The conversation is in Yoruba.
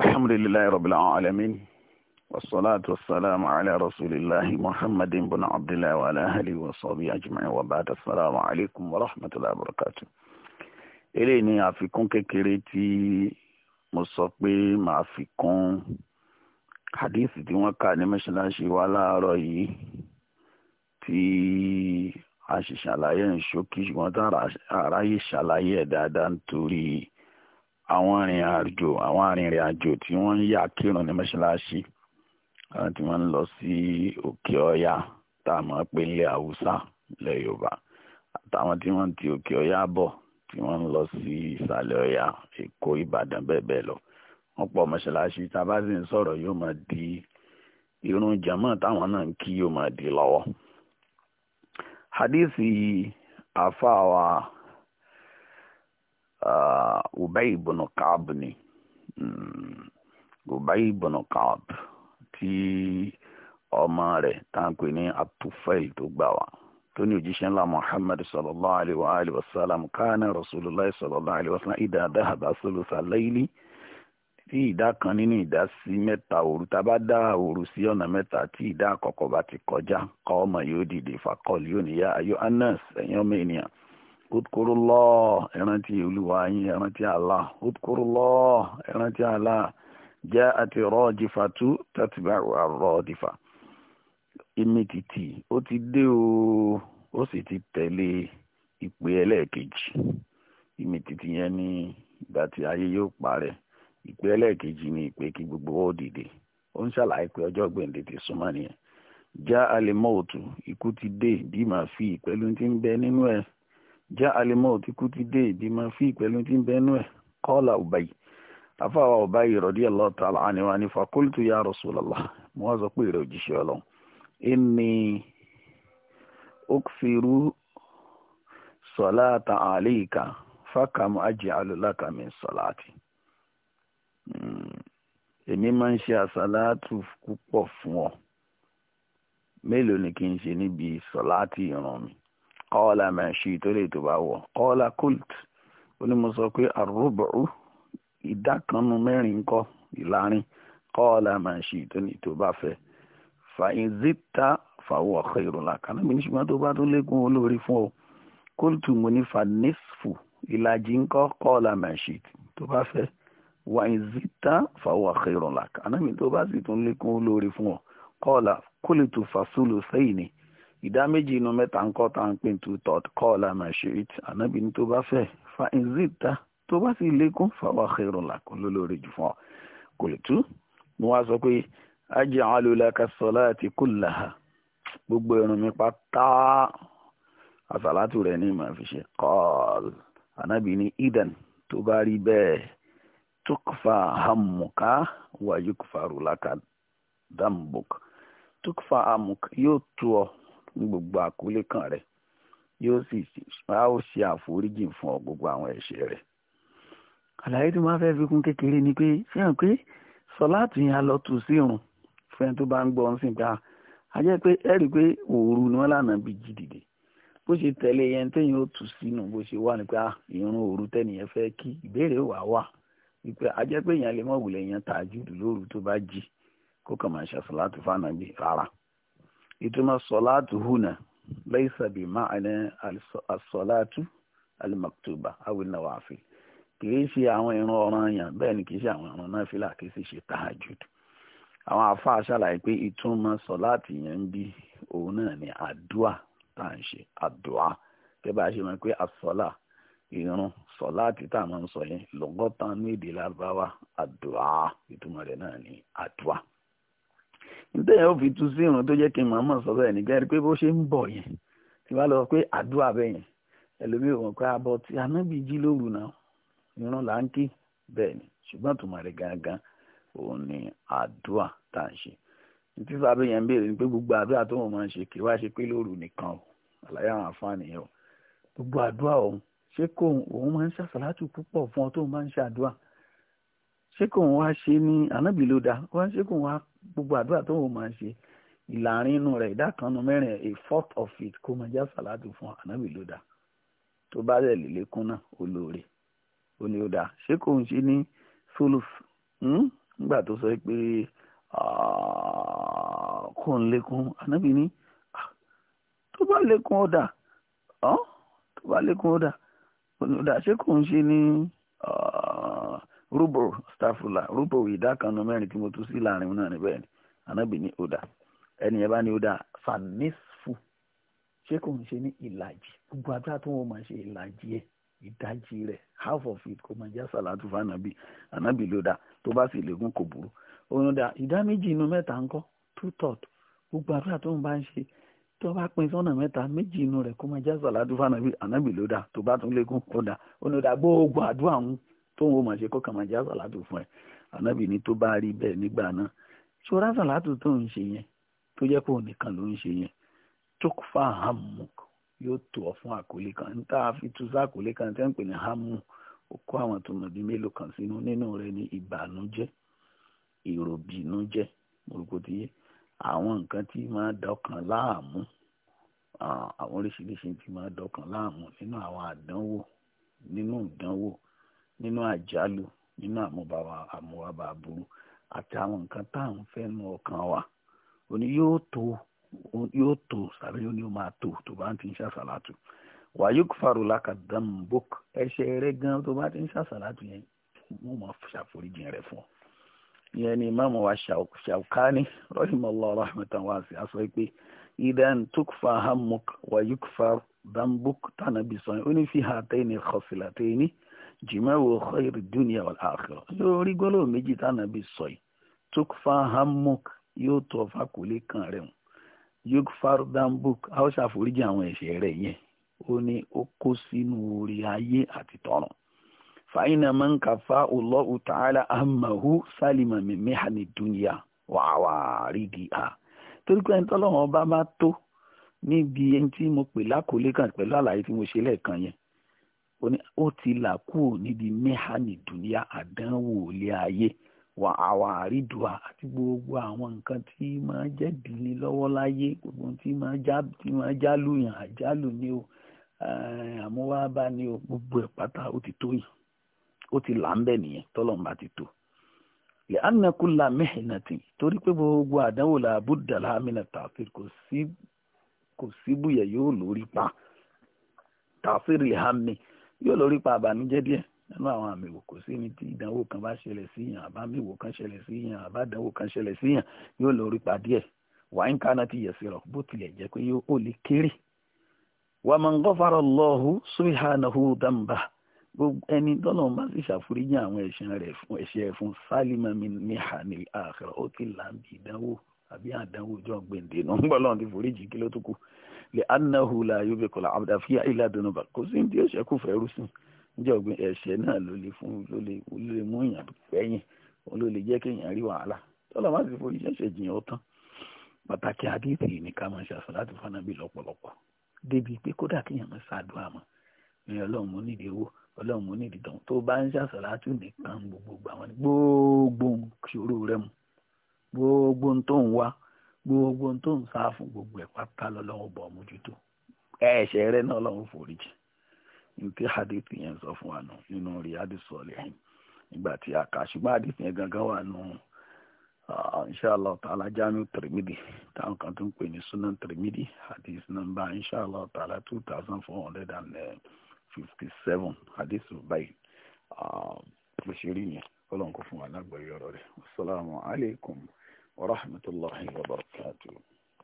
alhamdulillahi rabbil alamin wasalaatu wasalaamu ala rasulillahi muhammadin bin abdullahi wa ala alihi wa sahbihi ajma'in wa ba'd assalamu alaykum wa rahmatullahi wa barakatuh eléyìí ni àfikún kékeré tí mo sọ pé màá fi kún hadith tí wọ́n kà ní mọ́ṣáláṣí wa láàárọ̀ yìí tí a sì ṣàlàyé ń ṣókí ṣùgbọ́n tá àráyè ṣàlàyé ẹ̀ dáadáa nítorí àwọn arìnrìn àjò àwọn tí wọ́n ń yà kírun ní mọ́ṣáláṣí tí wọ́n ń lọ sí òkè ọ̀yà tá a mọ̀ pé ilẹ̀ haúsá ilẹ̀ yorùbá àtàwọn tí wọ́n ti òkè ọ̀yà bọ̀ tí wọ́n ń lọ sí ìsàlẹ̀ ọ̀yà èkó ìbàdàn bẹ́ẹ̀ lọ tá a bá sì ń yóò máa di irun táwọn náà ń kí yóò máa di Uh, Ubay ibn Ka'b ni hmm. Ubay ibn Ka'b tí ọmọ rẹ̀ táǹkì ní At-Tufail tó gbà wá tó ní òjíṣẹ́ ńlá Muhammad sallallahu alayhi wa alihi wa sallam kana Rasulullah sallallahu alayhi wa sallam idha dhahaba thulutha layli tí ìdá kan nínú ìdá sí mẹ́ta òru tá a bá dá òru sí ọ̀nà mẹ́ta tí ìdá àkọ́kọ́ bá ti kọjá kọ́ ọmọ yóò dìde fàkọ́ọ̀lì yóò ayọ́ anas ẹ̀yìn udkurullah ẹ̀rántí olúwa yín ẹ̀rántí Allah udkurullah ẹ̀rántí Allah jẹ́ àti rọ́ọ̀dìfà tu tẹ́tìbẹ̀rù àrọ́ọ̀dìfà ìmìtìtì ó ti dé o ó sì ti tẹ̀lé ìpè ẹlẹ́ẹ̀kejì ìmìtìtì yẹn ní ìgbà tí ayé yóò parẹ́ ìpè ẹlẹ́ẹ̀kejì ní ìpè kí gbogbo ó dìde ó ń ṣàlàyé pé ọjọ́ gbèǹde ti súnmọ́ nìyẹn já alẹ́ mọ́ òtù ikú ti dé bí màá fi ìpẹ́lú ti ń bẹ nínú ẹ̀ jẹ́ alimọ́ òtí kú ti dé ìbímọ fí pẹ̀lú tí ń bẹnu ẹ̀ kọ́ọ̀là ọ̀bàyì afáwa ọ̀bàyì radiyallahu ta'ala anhu ní fakultu ya rasulallah mo wá sọ pé ìrẹ̀ òjíṣẹ́ ọlọ́run inni uksiru salata alayka fákàmù aj'alu laka min salati hmm. èmi máa ń ṣe àsálàtù púpọ̀ fún ọ mélòó ni kí n ṣe níbi sọ̀láàtì ìran mi kọ́ọ̀lá mà ṣì tó lè tó bá wọ̀ kọ́ọ̀lá kult ó ní mo sọ pé àrùbọ̀rù ìdá kan nu mẹ́rin kọ́ ìlarin kọ́ọ̀lá mà ṣì tó lè tó bá fẹ́ fàyínzítà fàwọ̀ khairula kàná mi ní ṣùgbọ́n tó bá tún lékún olórí fún ọ kultu mo ní fanisfu ìlàjì ńkọ́ kọ́ọ̀lá mà ṣì tó bá fẹ́ wàyínzítà fàwọ̀ khairula kàná mi tó bá sì tún lékún olórí fún ọ kọ́ọ̀lá kólètò fàṣúlù sẹ́yìn ni ìdá méjì inú mẹ́ta ń kọ́ tá à ń pè two third kọ́ lànà ṣèyí ànábì ní tó bá fẹ́ fa ìzìta tó bá sì lékún fáwọn àkẹrùn làkún lólórí jù fún ọ kò lè tú ni wọ́n á sọ pé ajé àwọn alólàkà sọlá àti kùlà gbogbo irun mi pátá àsàlátù rẹ̀ ní màá fi kọ́ọ̀l ànábì ní idan tó bá rí bẹ́ẹ̀ tukfa hamuka wàyí kufarulaka dambuk tukfa hamuk yóò tu ọ ní gbogbo àkólé kan rẹ yóò sì a ó ṣe àforíjì fún ọ gbogbo àwọn ẹ̀ṣẹ̀ rẹ àlàyé tí wọn fẹ́ẹ́ fi kún kékeré ni pé fi hàn pé sọláàtì yẹn a lọ tù sí irun fẹ́ni tó bá ń gbọ ń sìn ká ah, a jẹ́ pé ẹ rí i pé òru ni wọ́n lànà bí jí dìde bó ṣe tẹlé yẹn téèyàn ó tù sínú bó ṣe wà ní pé irun ah, òru tẹ́nìyẹn fẹ kí ìbéèrè wà wà wípé a jẹ́ pé èèyàn lè mọ̀ wùlẹ̀ yẹn tààjú lóru tó bá jì kó kàn máa ṣàṣọ láti fànà bí rárá ìtumọ̀ sọ̀láàtù hùnà laysa bi ma'na àsọ̀láàtù alimaktuba awil nawafil kìí ṣe àwọn ìran ọ̀ranyàn bẹ́ẹ̀ ni kìí ṣe àwọn ìran náfìlà kìí sì ṣe tahajjud àwọn àfáà ṣàlàyé pé ìtumọ̀ sọ̀láàtì yẹn ń bí òun náà ni àdúà tá à ń ṣe àdúà kẹ́ bá a ṣe mọ̀ pé àsọ̀là ìrun sọ̀láàtì tá à máa ń sọ yẹn lọ́gọ́ta ní èdè lárúbáwá ni àdúà nítorí ó fi tú sí irun tó jẹ́ kí n mọ̀ mọ̀ sọ́sọ́ ẹ̀ nìkan ẹ̀ pé bó ṣe ń bọ̀ yẹn tí wàá lọ pé àdúrà bẹ́ẹ̀ yẹn ẹlòmíì wọn pé abọ́ ah, tí anábì jí lóru náà irun là ń kí bẹ́ẹ̀ ni ṣùgbọ́n tó máa rí gangan òun ni àdúrà tá à ń ṣe títí sábẹ́ yẹn ń béèrè ni pé gbogbo àdúrà tó wọn máa ń ṣe kì í wá ṣe pé lóru nìkan o àlàyé àwọn àǹfààní yẹn o gbogbo àdúrà òun ṣé kò òun máa ń ṣàṣàlátù púpọ̀ fún ọ wá ṣe ní anábì ló dáa wá ṣé wá gbogbo àdúrà tó wọ́n máa ṣe ìlàrin inú rẹ̀ ìdá kan nu mẹ́rin a fourth of it kó máa já sàlátù fún ànábì ló dá tó bá rẹ̀ lélékún náà olóore ó ní ó dá ṣé kò ń ṣe ní solus hmm? nígbà tó sọ pé kò ń lékún ànábì ní ah, tó bá lékún ó dà tó bá lékún ó dà ó ní ó dá ṣé kò ń ṣe ní rúbò stafula rúbò ìdá kan nu mẹ́rin tí mo tú sí láàrin náà níbẹ̀ ni anábì ní ọ̀dà ẹni ẹ bá ní ọ̀dà fanisfu ṣé kò ń ṣe ní ìlàjì gbogbo abẹ́ àtúnwò máa ṣe ìlàjì ẹ̀ ìdajì rẹ̀ half of it kò máa jẹ́ sàlátù fanabi anábì ló dá tó bá sì lè gún kò burú òun dá ìdá méjì inú mẹ́ta ńkọ́ two third gbogbo àdúrà tó ń bá ń ṣe tó bá pín sọ́nà mẹ́ta méjì inú rẹ̀ kó máa jẹ́ sàlátù fanabi anábì ló tó bá tún lékún ó dá gbogbo àdúrà ń tóun ó mọ̀ ṣe kọ́kàn máa jẹ́ àsàlátù fún ẹ ànábì ní tó bá rí bẹ́ẹ̀ nígbà náà ṣòro àsàlátù tó ń ṣe yẹn tó jẹ́ pé òun nìkan ló ń ṣe yẹn chokfa hamu yóò tó ọ fún àkólé kan níta fi tú sí àkólé kan tẹ́ ń pè ní hamu ó kó àwọn tòmọ̀ bíi mélòó kan sínú nínú rẹ ní ìbànújẹ́ ìròbìnújẹ́ mọ̀rùkòtìyẹ àwọn nǹkan tí máa dọkàn láàmú àwọn oríṣiríṣi tí máa dọkàn láàmú nínú àwọn àdánwò nínú ìdánwò nínú àjálù nínú àmúbáwá àmúwábà aburú àti àwọn nǹkan tá à ń fẹ́ nu ọkàn wa òní yóò tó yóò tó sàbí yóò ní o máa tó tó bá ń ti ń ṣàṣàlátù wàyúk faru lákàdán bók ẹ̀ṣẹ̀ rẹ gan tó bá ti ń ṣàṣàlátù yẹn wọn máa ṣàforíjì rẹ fún ọ ìyẹn ni imáàmù wa ṣàwùkání rahimahullah rahmatan wasi aṣọ pé idan tukfa hamuk wàyúk faru dambuk tànàbí sọyìn ó ní fi hàtẹ́ ní kọsìlàtẹ́ ní jìmọ̀wò khayr dunya wal akhirah lórí gbólóhùn méjì tánà bí sọ yìí tukfa hamuk yóò tó ọfà kò lè kàn rẹ̀ wọn yóò fardambuk a ó ṣàforíjì àwọn ẹ̀ṣẹ̀ rẹ̀ yẹn ó ní ó kó sínú orí ayé àti tọ̀run fàyínà máa ń kà fa Allahu ta'ala amahu sálìmà mímí hàní dunya wàhálì di a torí pé ẹni bá bá tó níbi ẹni tí mo pè lákòólé kan pẹ̀lú àlàyé tí mo ṣe lẹ́ẹ̀kan yẹn ó ní ó ti là kúrò níbi mihani dunia àdánwò ilé ayé wà àwọn àrídùá àti gbogbo àwọn nǹkan tí máa jẹ́ dìní lọ́wọ́ láyé gbogbo tí máa já tí máa jálù yàn àjálù ni o àmúwábá ni o gbogbo ẹ̀ pátá ó ti tó yàn ó ti là ń bẹ̀ nìyẹn tọ́lọ́mùbá ti tó lè anakula mihinati torí pé gbogbo àdánwò la buddha lahamina tafir kò sí kò síbùyẹ yóò lórí pa tafir lè yóò lórí pa àbànújẹ́ díẹ̀ nínú àwọn àmì wò kò sí ní tí ìdánwò kan bá ṣẹlẹ̀ sí yàn àbámi wò kan ṣẹlẹ̀ sí yàn àbádánwò kan ṣẹlẹ̀ sí yàn yóò lórí pa díẹ̀ wàá ń kaná ti yẹ̀sí rọ̀ bó tilẹ̀ jẹ́ pé yóò ó lè kéré. wà á máa ń gọ́fàrọ̀ lọ́hù subhanahu dàmbà gbogbo ẹni tọ́lọ̀ bá sì ṣàforíjì àwọn ẹ̀ṣẹ̀ rẹ̀ fún ẹ̀ṣẹ̀ fún sálímà ní hàní àkàrà ó ti là ń bí ìdánwò àbí àdánwò ọjọ́ gbèǹdé náà ń gbọ́ lọ́run ti foríjì kí ló tó kù Le anahu la yóò kọlà abdá fi ilà dunubà kò sí ní ẹ̀ṣẹ̀ kò fẹ́ rúsùn níjẹ́ ọ̀gbìn ẹ̀ṣẹ̀ náà ló lè fún ló lè lè mú èèyàn pẹ́yìn ló lè jẹ́ kéèyàn rí wàhálà tọ́lá má sì forí ṣẹ̀ṣẹ̀ jìyàn ọ̀tán pàtàkì àdéhìí ní ká máa ṣàṣọ láti fún anábì lọ́pọ̀lọpọ̀ débi pé kódà kéèyàn máa ṣàdúrà mọ́ ní ọlọ́run mo nídìí owó ọlọ́run mo nídìí tán tó bá ń ṣàṣọ láti nìkan gbogbo àwọn gbogbo ṣòro rẹ mu gbogbo ń tó ń wá gbogbo tó ń sá fún gbogbo ẹ̀ pátá lọ́lọ́run bọ̀ mójútó ẹ̀ṣẹ̀ rẹ̀ náà lọ́run foríjì nítí hadith yẹn sọ fún wa nù nínú riyadu sọlẹ́hìn nígbà tí a kà ṣùgbọ́n hadith yẹn gangan wà nù inshallah ta'ala jamiu tirimidi táwọn kan tó ń pè ní sunan tirimidi hadith nọ́mbà inshallah ta'ala two thousand four hundred and fifty seven hadith báyìí bó ṣe rí yẹn ọlọ́run kò fún wa lágbàáyé ọ̀rọ̀ rẹ̀ assalamu alaikum. ورحمة الله وبركاته